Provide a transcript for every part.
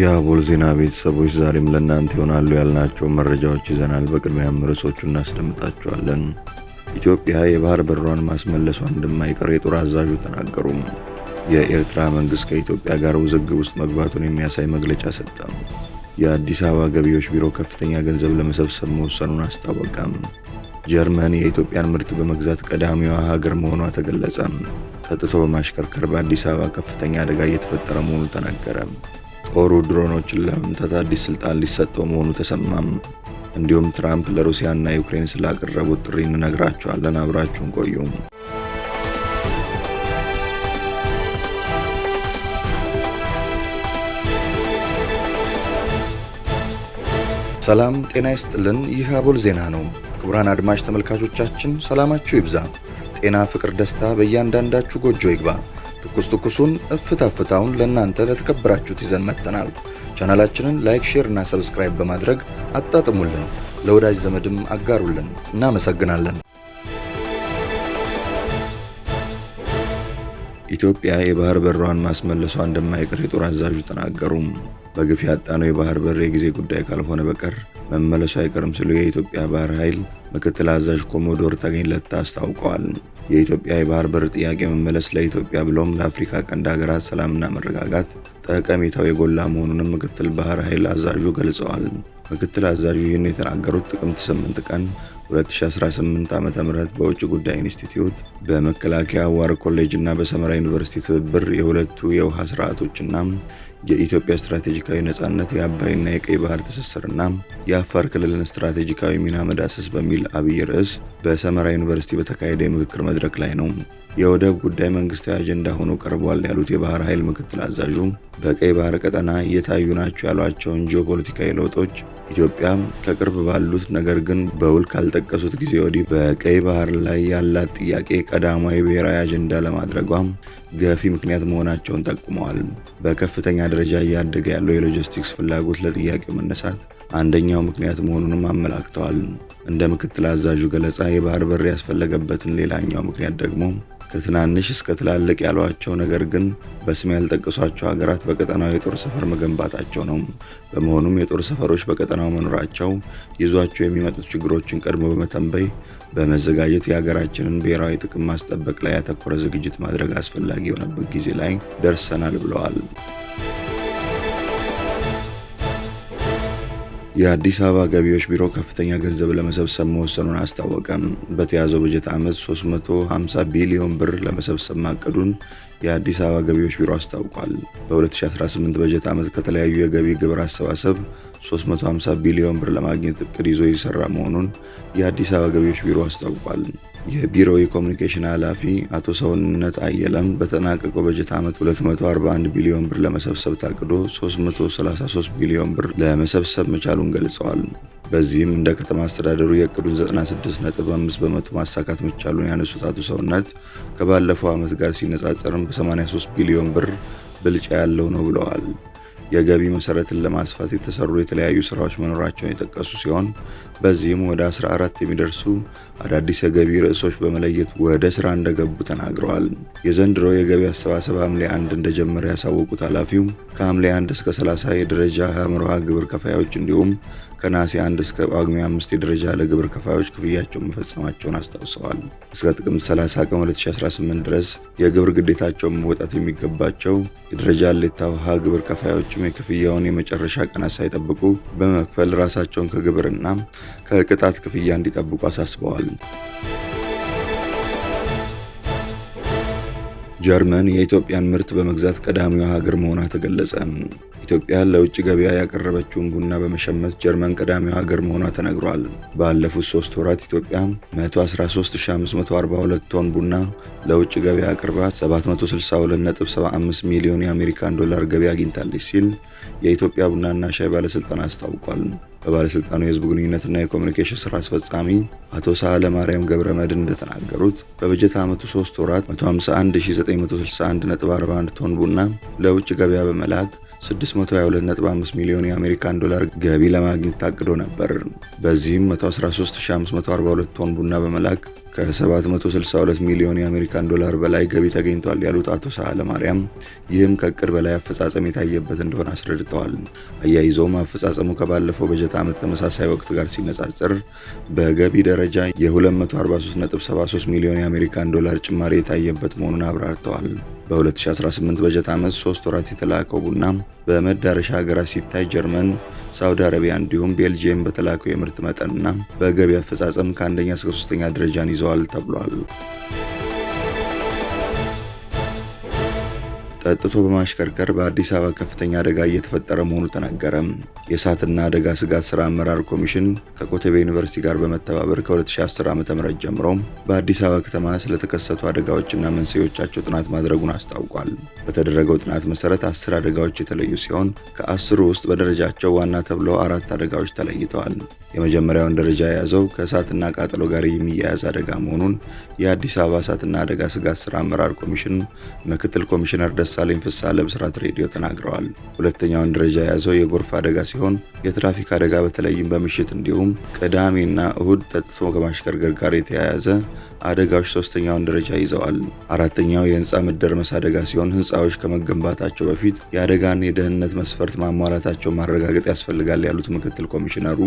የአቦል ዜና ቤተሰቦች ዛሬም ለእናንተ ይሆናሉ ያልናቸው መረጃዎች ይዘናል። በቅድሚያም ርዕሶቹ እናስደምጣቸዋለን። ኢትዮጵያ የባህር በሯን ማስመለሷ እንደማይቀር የጦር አዛዡ ተናገሩም። የኤርትራ መንግሥት ከኢትዮጵያ ጋር ውዝግብ ውስጥ መግባቱን የሚያሳይ መግለጫ ሰጠም። የአዲስ አበባ ገቢዎች ቢሮ ከፍተኛ ገንዘብ ለመሰብሰብ መወሰኑን አስታወቀም። ጀርመን የኢትዮጵያን ምርት በመግዛት ቀዳሚዋ ሀገር መሆኗ ተገለጸም። ጠጥቶ በማሽከርከር በአዲስ አበባ ከፍተኛ አደጋ እየተፈጠረ መሆኑ ተናገረም። ጦሩ ድሮኖችን ለመምታት አዲስ ስልጣን ሊሰጠው መሆኑ ተሰማም። እንዲሁም ትራምፕ ለሩሲያና ዩክሬን ስላቀረቡት ጥሪ እንነግራችኋለን። አብራችሁን ቆዩም። ሰላም ጤና ይስጥልን። ይህ አቦል ዜና ነው። ክቡራን አድማጭ ተመልካቾቻችን ሰላማችሁ ይብዛ፣ ጤና፣ ፍቅር፣ ደስታ በእያንዳንዳችሁ ጎጆ ይግባ። ትኩስ ትኩሱን እፍታ ፍታውን ለእናንተ ለተከበራችሁት ይዘን መጥተናል። ቻናላችንን ላይክ፣ ሼር እና ሰብስክራይብ በማድረግ አጣጥሙልን፣ ለወዳጅ ዘመድም አጋሩልን። እናመሰግናለን። ኢትዮጵያ የባህር በሯን ማስመለሷ እንደማይቀር የጦር አዛዡ ተናገሩ። በግፍ ያጣነው የባህር በር የጊዜ ጉዳይ ካልሆነ በቀር መመለሱ አይቀርም ሲሉ የኢትዮጵያ ባህር ኃይል ምክትል አዛዥ ኮሞዶር ተገኝለት አስታውቀዋል። የኢትዮጵያ የባህር በር ጥያቄ መመለስ ለኢትዮጵያ ብሎም ለአፍሪካ ቀንድ ሀገራት ሰላምና መረጋጋት ጠቀሜታው የጎላ መሆኑንም ምክትል ባህር ኃይል አዛዡ ገልጸዋል። ምክትል አዛዡ ይህን የተናገሩት ጥቅምት 8 ቀን 2018 ዓ.ም በውጭ ጉዳይ ኢንስቲትዩት በመከላከያ ዋር ኮሌጅ እና በሰመራ ዩኒቨርሲቲ ትብብር የሁለቱ የውሃ ስርዓቶችና የኢትዮጵያ ስትራቴጂካዊ ነጻነት፣ የአባይና የቀይ ባህር ትስስርና የአፋር ክልልን ስትራቴጂካዊ ሚና መዳሰስ በሚል አብይ ርዕስ በሰመራ ዩኒቨርሲቲ በተካሄደ የምክክር መድረክ ላይ ነው። የወደብ ጉዳይ መንግስታዊ አጀንዳ ሆኖ ቀርቧል ያሉት የባህር ኃይል ምክትል አዛዡ በቀይ ባህር ቀጠና እየታዩ ናቸው ያሏቸውን ጂኦፖለቲካዊ ለውጦች ኢትዮጵያም ከቅርብ ባሉት ነገር ግን በውል ካልጠቀሱት ጊዜ ወዲህ በቀይ ባህር ላይ ያላት ጥያቄ ቀዳማዊ ብሔራዊ አጀንዳ ለማድረጓም ገፊ ምክንያት መሆናቸውን ጠቁመዋል። በከፍተኛ ደረጃ እያደገ ያለው የሎጂስቲክስ ፍላጎት ለጥያቄው መነሳት አንደኛው ምክንያት መሆኑንም አመላክተዋል። እንደ ምክትል አዛዡ ገለጻ የባህር በር ያስፈለገበትን ሌላኛው ምክንያት ደግሞ ከትናንሽ እስከ ትላልቅ ያሏቸው ነገር ግን በስም ያልጠቀሷቸው ሀገራት በቀጠናው የጦር ሰፈር መገንባታቸው ነው። በመሆኑም የጦር ሰፈሮች በቀጠናው መኖራቸው ይዟቸው የሚመጡት ችግሮችን ቀድሞ በመተንበይ በመዘጋጀት የሀገራችንን ብሔራዊ ጥቅም ማስጠበቅ ላይ ያተኮረ ዝግጅት ማድረግ አስፈላጊ የሆነበት ጊዜ ላይ ደርሰናል ብለዋል። የአዲስ አበባ ገቢዎች ቢሮ ከፍተኛ ገንዘብ ለመሰብሰብ መወሰኑን አስታወቀም። በተያዘው በጀት ዓመት 350 ቢሊዮን ብር ለመሰብሰብ ማቀዱን የአዲስ አበባ ገቢዎች ቢሮ አስታውቋል። በ2018 በጀት ዓመት ከተለያዩ የገቢ ግብር አሰባሰብ 350 ቢሊዮን ብር ለማግኘት እቅድ ይዞ የሰራ መሆኑን የአዲስ አበባ ገቢዎች ቢሮ አስታውቋል። የቢሮ የኮሚኒኬሽን ኃላፊ አቶ ሰውነት አየለም በተጠናቀቀው በጀት ዓመት 241 ቢሊዮን ብር ለመሰብሰብ ታቅዶ 333 ቢሊዮን ብር ለመሰብሰብ መቻሉን ገልጸዋል። በዚህም እንደ ከተማ አስተዳደሩ የእቅዱን 96.5 በመቶ ማሳካት መቻሉን ያነሱት አቶ ሰውነት ከባለፈው ዓመት ጋር ሲነጻጸርም በ83 ቢሊዮን ብር ብልጫ ያለው ነው ብለዋል። የገቢ መሰረትን ለማስፋት የተሰሩ የተለያዩ ስራዎች መኖራቸውን የጠቀሱ ሲሆን በዚህም ወደ 14 የሚደርሱ አዳዲስ የገቢ ርዕሶች በመለየት ወደ ስራ እንደገቡ ተናግረዋል። የዘንድሮ የገቢ አሰባሰብ ሐምሌ አንድ እንደጀመረ ያሳወቁት ኃላፊው ከሐምሌ 1 እስከ 30 የደረጃ ሀ ግብር ከፋዮች እንዲሁም ከነሐሴ 1 እስከ ጳጉሜ 5 የደረጃ ለግብር ከፋዮች ክፍያቸውን መፈጸማቸውን አስታውሰዋል። እስከ ጥቅምት 30 ቀን 2018 ድረስ የግብር ግዴታቸውን መወጣት የሚገባቸው የደረጃ ሌታ ውሃ ግብር ከፋዮች የቅድመ ክፍያውን የመጨረሻ ቀናት ሳይጠብቁ በመክፈል ራሳቸውን ከግብርና ከቅጣት ክፍያ እንዲጠብቁ አሳስበዋል። ጀርመን የኢትዮጵያን ምርት በመግዛት ቀዳሚዋ ሀገር መሆኗ ተገለጸ። ኢትዮጵያ ለውጭ ገበያ ያቀረበችውን ቡና በመሸመት ጀርመን ቀዳሚዋ ሀገር መሆኗ ተነግሯል። ባለፉት ሶስት ወራት ኢትዮጵያ 113542 ቶን ቡና ለውጭ ገበያ አቅርባ 762.75 ሚሊዮን የአሜሪካን ዶላር ገበያ አግኝታለች ሲል የኢትዮጵያ ቡናና ሻይ ባለሥልጣን አስታውቋል። በባለስልጣኑ የህዝብ ግንኙነትና የኮሚኒኬሽን ስራ አስፈጻሚ አቶ ሳህለ ማርያም ገብረ መድን እንደተናገሩት በበጀት ዓመቱ 3 ወራት 151961.41 ቶን ቡና ለውጭ ገበያ በመላክ 622.5 ሚሊዮን የአሜሪካን ዶላር ገቢ ለማግኘት ታቅዶ ነበር። በዚህም 113542 ቶን ቡና በመላክ ከ762 ሚሊዮን የአሜሪካን ዶላር በላይ ገቢ ተገኝቷል ያሉት አቶ ሳህለ ማርያም ይህም ከእቅድ በላይ አፈጻጸም የታየበት እንደሆነ አስረድተዋል። አያይዘውም አፈጻጸሙ ከባለፈው በጀት ዓመት ተመሳሳይ ወቅት ጋር ሲነጻጽር በገቢ ደረጃ የ243.73 ሚሊዮን የአሜሪካን ዶላር ጭማሪ የታየበት መሆኑን አብራርተዋል። በ2018 በጀት ዓመት ሶስት ወራት የተላከው ቡና በመዳረሻ ሀገራት ሲታይ ጀርመን ሳውዲ አረቢያ እንዲሁም ቤልጅየም በተላከው የምርት መጠንና በገቢ አፈጻጸም ከአንደኛ እስከ ሶስተኛ ደረጃን ይዘዋል ተብሏል። ጠጥቶ በማሽከርከር በአዲስ አበባ ከፍተኛ አደጋ እየተፈጠረ መሆኑ ተናገረ። የእሳትና አደጋ ስጋት ስራ አመራር ኮሚሽን ከኮተቤ ዩኒቨርሲቲ ጋር በመተባበር ከ2010 ዓ ም ጀምሮ በአዲስ አበባ ከተማ ስለተከሰቱ አደጋዎችና መንስኤዎቻቸው ጥናት ማድረጉን አስታውቋል። በተደረገው ጥናት መሰረት አስር አደጋዎች የተለዩ ሲሆን ከአስሩ ውስጥ በደረጃቸው ዋና ተብለው አራት አደጋዎች ተለይተዋል። የመጀመሪያውን ደረጃ የያዘው ከእሳትና ቃጠሎ ጋር የሚያያዝ አደጋ መሆኑን የአዲስ አበባ እሳትና አደጋ ስጋት ስራ አመራር ኮሚሽን ምክትል ኮሚሽነር ደስ ደሳለኝ ፍስሐ ለብስራት ሬዲዮ ተናግረዋል። ሁለተኛውን ደረጃ የያዘው የጎርፍ አደጋ ሲሆን የትራፊክ አደጋ በተለይም በምሽት እንዲሁም ቅዳሜና እሁድ ጠጥቶ ከማሽከርከር ጋር የተያያዘ አደጋዎች ሶስተኛውን ደረጃ ይዘዋል። አራተኛው የህንፃ መደርመስ አደጋ ሲሆን ህንፃዎች ከመገንባታቸው በፊት የአደጋን የደህንነት መስፈርት ማሟላታቸው ማረጋገጥ ያስፈልጋል ያሉት ምክትል ኮሚሽነሩ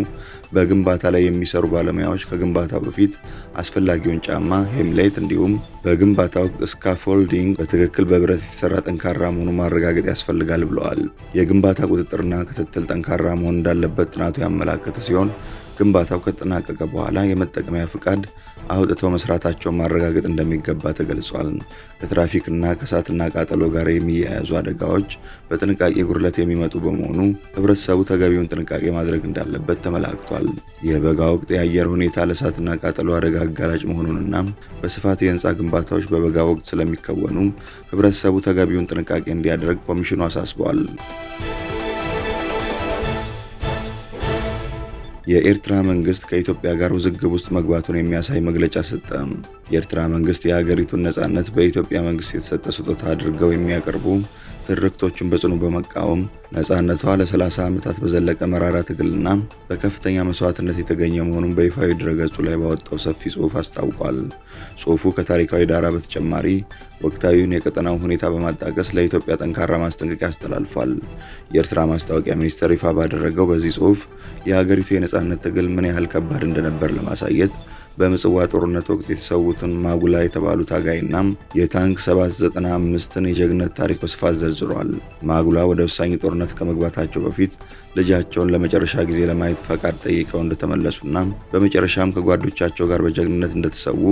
በግንባታ ላይ የሚሰሩ ባለሙያዎች ከግንባታው በፊት አስፈላጊውን ጫማ፣ ሄምሌት እንዲሁም በግንባታ ወቅት ስካፎልዲንግ በትክክል በብረት የተሰራ ጠንካራ መሆኑን ማረጋገጥ ያስፈልጋል ብለዋል። የግንባታ ቁጥጥርና ክትትል ጠንካራ መሆን እንዳለበት ጥናቱ ያመላከተ ሲሆን ግንባታው ከተጠናቀቀ በኋላ የመጠቀሚያ ፍቃድ አውጥተው መስራታቸውን ማረጋገጥ እንደሚገባ ተገልጿል። ከትራፊክና ከእሳትና ቃጠሎ ጋር የሚያያዙ አደጋዎች በጥንቃቄ ጉድለት የሚመጡ በመሆኑ ህብረተሰቡ ተገቢውን ጥንቃቄ ማድረግ እንዳለበት ተመላክቷል። የበጋ ወቅት የአየር ሁኔታ ለእሳትና ቃጠሎ አደጋ አጋላጭ መሆኑንና በስፋት የህንፃ ግንባታዎች በበጋ ወቅት ስለሚከወኑ ህብረተሰቡ ተገቢውን ጥንቃቄ እንዲያደርግ ኮሚሽኑ አሳስበዋል። የኤርትራ መንግስት ከኢትዮጵያ ጋር ውዝግብ ውስጥ መግባቱን የሚያሳይ መግለጫ ሰጠ። የኤርትራ መንግስት የሀገሪቱን ነጻነት በኢትዮጵያ መንግስት የተሰጠ ስጦታ አድርገው የሚያቀርቡ ትርክቶቹን በጽኑ በመቃወም ነፃነቷ ለ30 ዓመታት በዘለቀ መራራ ትግልና በከፍተኛ መስዋዕትነት የተገኘ መሆኑን በይፋዊ ድረገጹ ላይ ባወጣው ሰፊ ጽሑፍ አስታውቋል። ጽሑፉ ከታሪካዊ ዳራ በተጨማሪ ወቅታዊውን የቀጠናው ሁኔታ በማጣቀስ ለኢትዮጵያ ጠንካራ ማስጠንቀቂያ አስተላልፏል። የኤርትራ ማስታወቂያ ሚኒስቴር ይፋ ባደረገው በዚህ ጽሑፍ የሀገሪቱ የነፃነት ትግል ምን ያህል ከባድ እንደነበር ለማሳየት በምጽዋ ጦርነት ወቅት የተሰዉትን ማጉላ የተባሉ ታጋይና የታንክ 795ን የጀግነት ታሪክ በስፋት ዘርዝሯል። ማጉላ ወደ ወሳኝ ጦርነት ከመግባታቸው በፊት ልጃቸውን ለመጨረሻ ጊዜ ለማየት ፈቃድ ጠይቀው እንደተመለሱና በመጨረሻም ከጓዶቻቸው ጋር በጀግንነት እንደተሰዉ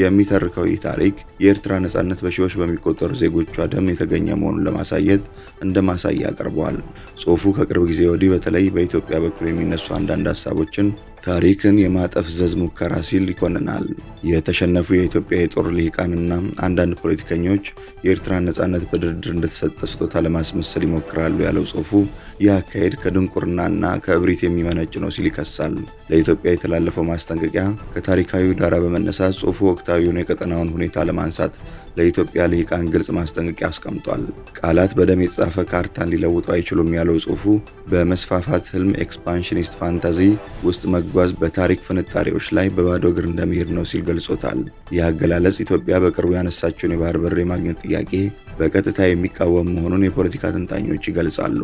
የሚተርከው ይህ ታሪክ የኤርትራ ነጻነት በሺዎች በሚቆጠሩ ዜጎቿ ደም የተገኘ መሆኑን ለማሳየት እንደ ማሳያ አቅርበዋል። ጽሁፉ ከቅርብ ጊዜ ወዲህ በተለይ በኢትዮጵያ በኩል የሚነሱ አንዳንድ ሀሳቦችን ታሪክን የማጠፍ ዘዝ ሙከራ ሲል ይኮንናል። የተሸነፉ የኢትዮጵያ የጦር ልሂቃንና አንዳንድ ፖለቲከኞች የኤርትራን ነጻነት በድርድር እንደተሰጠ ስጦታ ለማስመሰል ይሞክራሉ ያለው ጽሁፉ ይህ አካሄድ ከድንቁርናና ከእብሪት የሚመነጭ ነው ሲል ይከሳል። ለኢትዮጵያ የተላለፈው ማስጠንቀቂያ ከታሪካዊ ዳራ በመነሳት ጽሁፉ ወቅታዊውን የቀጠናውን ሁኔታ ለማንሳት ለኢትዮጵያ ልሂቃን ግልጽ ማስጠንቀቂያ አስቀምጧል። ቃላት በደም የተጻፈ ካርታን ሊለውጡ አይችሉም ያለው ጽሁፉ በመስፋፋት ህልም ኤክስፓንሽኒስት ፋንታዚ ውስጥ መግ ሲጓዝ በታሪክ ፍንጣሪዎች ላይ በባዶ እግር እንደሚሄድ ነው ሲል ገልጾታል። ይህ አገላለጽ ኢትዮጵያ በቅርቡ ያነሳችውን የባህር በር የማግኘት ጥያቄ በቀጥታ የሚቃወም መሆኑን የፖለቲካ ተንታኞች ይገልጻሉ።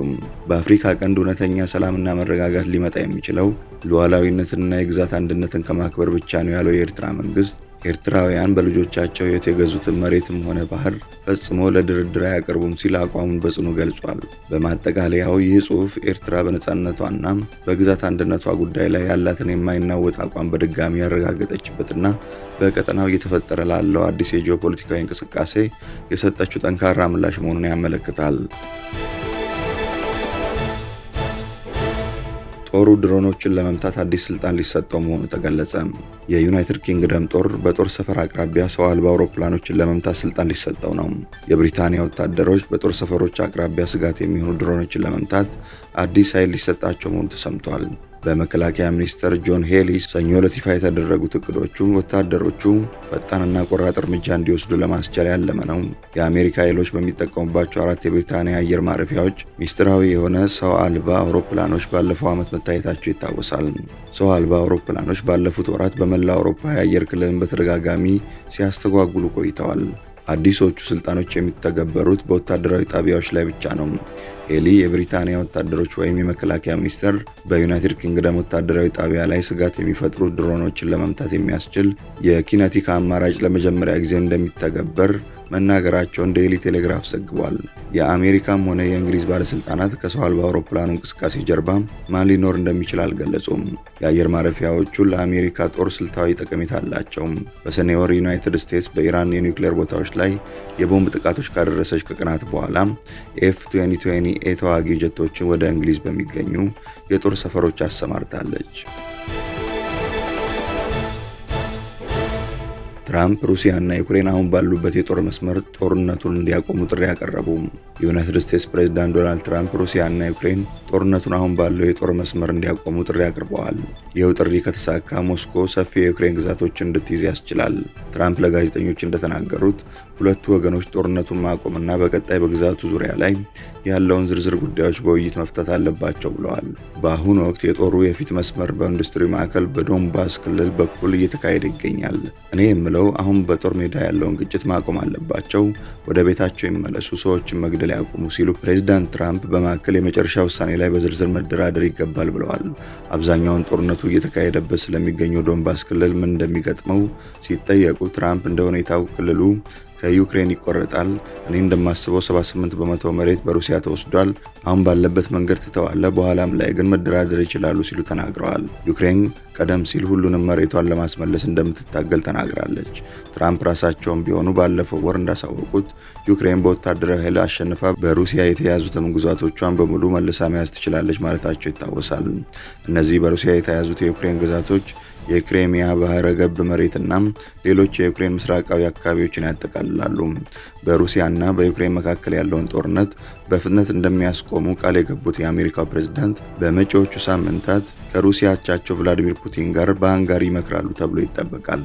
በአፍሪካ ቀንድ እውነተኛ ሰላምና መረጋጋት ሊመጣ የሚችለው ሉዓላዊነትንና የግዛት አንድነትን ከማክበር ብቻ ነው ያለው የኤርትራ መንግስት ኤርትራውያን በልጆቻቸው የገዙትን መሬትም ሆነ ባህር ፈጽሞ ለድርድር አያቀርቡም ሲል አቋሙን በጽኑ ገልጿል። በማጠቃለያው ይህ ጽሑፍ ኤርትራ በነፃነቷና በግዛት አንድነቷ ጉዳይ ላይ ያላትን የማይናወጥ አቋም በድጋሚ ያረጋገጠችበትና በቀጠናው እየተፈጠረ ላለው አዲስ የጂኦፖለቲካዊ እንቅስቃሴ የሰጠችው ጠንካራ ምላሽ መሆኑን ያመለክታል። ጦሩ ድሮኖችን ለመምታት አዲስ ስልጣን ሊሰጠው መሆኑ ተገለጸ። የዩናይትድ ኪንግደም ጦር በጦር ሰፈር አቅራቢያ ሰው አልባ አውሮፕላኖችን ለመምታት ስልጣን ሊሰጠው ነው። የብሪታንያ ወታደሮች በጦር ሰፈሮች አቅራቢያ ስጋት የሚሆኑ ድሮኖችን ለመምታት አዲስ ኃይል ሊሰጣቸው መሆኑ ተሰምቷል። በመከላከያ ሚኒስትር ጆን ሄሊ ሰኞ ዕለት ይፋ የተደረጉት እቅዶቹ ወታደሮቹ ፈጣንና ቆራጥ እርምጃ እንዲወስዱ ለማስቻል ያለመ ነው። የአሜሪካ ኃይሎች በሚጠቀሙባቸው አራት የብሪታንያ አየር ማረፊያዎች ሚስጥራዊ የሆነ ሰው አልባ አውሮፕላኖች ባለፈው ዓመት መታየታቸው ይታወሳል። ሰው አልባ አውሮፕላኖች ባለፉት ወራት በመላ አውሮፓ የአየር ክልልን በተደጋጋሚ ሲያስተጓጉሉ ቆይተዋል። አዲሶቹ ስልጣኖች የሚተገበሩት በወታደራዊ ጣቢያዎች ላይ ብቻ ነው። ሄሊ የብሪታንያ ወታደሮች ወይም የመከላከያ ሚኒስቴር በዩናይትድ ኪንግደም ወታደራዊ ጣቢያ ላይ ስጋት የሚፈጥሩ ድሮኖችን ለመምታት የሚያስችል የኪነቲክ አማራጭ ለመጀመሪያ ጊዜ እንደሚተገበር መናገራቸውን ዴይሊ ቴሌግራፍ ዘግቧል። የአሜሪካም ሆነ የእንግሊዝ ባለስልጣናት ከሰው አልባ አውሮፕላኑ እንቅስቃሴ ጀርባ ማን ሊኖር እንደሚችል አልገለጹም። የአየር ማረፊያዎቹ ለአሜሪካ ጦር ስልታዊ ጠቀሜታ አላቸው። በሰኔ ወር ዩናይትድ ስቴትስ በኢራን የኒውክሌር ቦታዎች ላይ የቦምብ ጥቃቶች ካደረሰች ከቀናት በኋላ ኤፍ 2020 ኤ ተዋጊ ጀቶችን ወደ እንግሊዝ በሚገኙ የጦር ሰፈሮች አሰማርታለች። ትራምፕ ሩሲያና ዩክሬን አሁን ባሉበት የጦር መስመር ጦርነቱን እንዲያቆሙ ጥሪ ያቀረቡ። የዩናይትድ ስቴትስ ፕሬዝዳንት ዶናልድ ትራምፕ ሩሲያና ዩክሬን ጦርነቱን አሁን ባለው የጦር መስመር እንዲያቆሙ ጥሪ አቅርበዋል። ይኸው ጥሪ ከተሳካ ሞስኮ ሰፊ የዩክሬን ግዛቶችን እንድትይዝ ያስችላል። ትራምፕ ለጋዜጠኞች እንደተናገሩት ሁለቱ ወገኖች ጦርነቱን ማቆምና በቀጣይ በግዛቱ ዙሪያ ላይ ያለውን ዝርዝር ጉዳዮች በውይይት መፍታት አለባቸው ብለዋል። በአሁኑ ወቅት የጦሩ የፊት መስመር በኢንዱስትሪ ማዕከል በዶንባስ ክልል በኩል እየተካሄደ ይገኛል። እኔ የምለው ያለው አሁን በጦር ሜዳ ያለውን ግጭት ማቆም አለባቸው፣ ወደ ቤታቸው ይመለሱ፣ ሰዎችን መግደል ያቁሙ ሲሉ ፕሬዚዳንት ትራምፕ በማዕከል የመጨረሻ ውሳኔ ላይ በዝርዝር መደራደር ይገባል ብለዋል። አብዛኛውን ጦርነቱ እየተካሄደበት ስለሚገኘው ዶንባስ ክልል ምን እንደሚገጥመው ሲጠየቁ ትራምፕ እንደ ሁኔታው ክልሉ ከዩክሬን ይቆረጣል። እኔ እንደማስበው 78 በመቶ መሬት በሩሲያ ተወስዷል። አሁን ባለበት መንገድ ትተዋለ፣ በኋላም ላይ ግን መደራደር ይችላሉ ሲሉ ተናግረዋል። ዩክሬን ቀደም ሲል ሁሉንም መሬቷን ለማስመለስ እንደምትታገል ተናግራለች። ትራምፕ ራሳቸውም ቢሆኑ ባለፈው ወር እንዳሳወቁት ዩክሬን በወታደራዊ ኃይል አሸንፋ በሩሲያ የተያዙትን ግዛቶቿን በሙሉ መልሳ መያዝ ትችላለች ማለታቸው ይታወሳል። እነዚህ በሩሲያ የተያዙት የዩክሬን ግዛቶች የክሬሚያ ባህረ ገብ መሬትና ሌሎች የዩክሬን ምስራቃዊ አካባቢዎችን ያጠቃልላሉ። በሩሲያና በዩክሬን መካከል ያለውን ጦርነት በፍጥነት እንደሚያስቆሙ ቃል የገቡት የአሜሪካው ፕሬዝዳንት በመጪዎቹ ሳምንታት ከሩሲያ አቻቸው ቭላዲሚር ፑቲን ጋር በሃንጋሪ ይመክራሉ ተብሎ ይጠበቃል።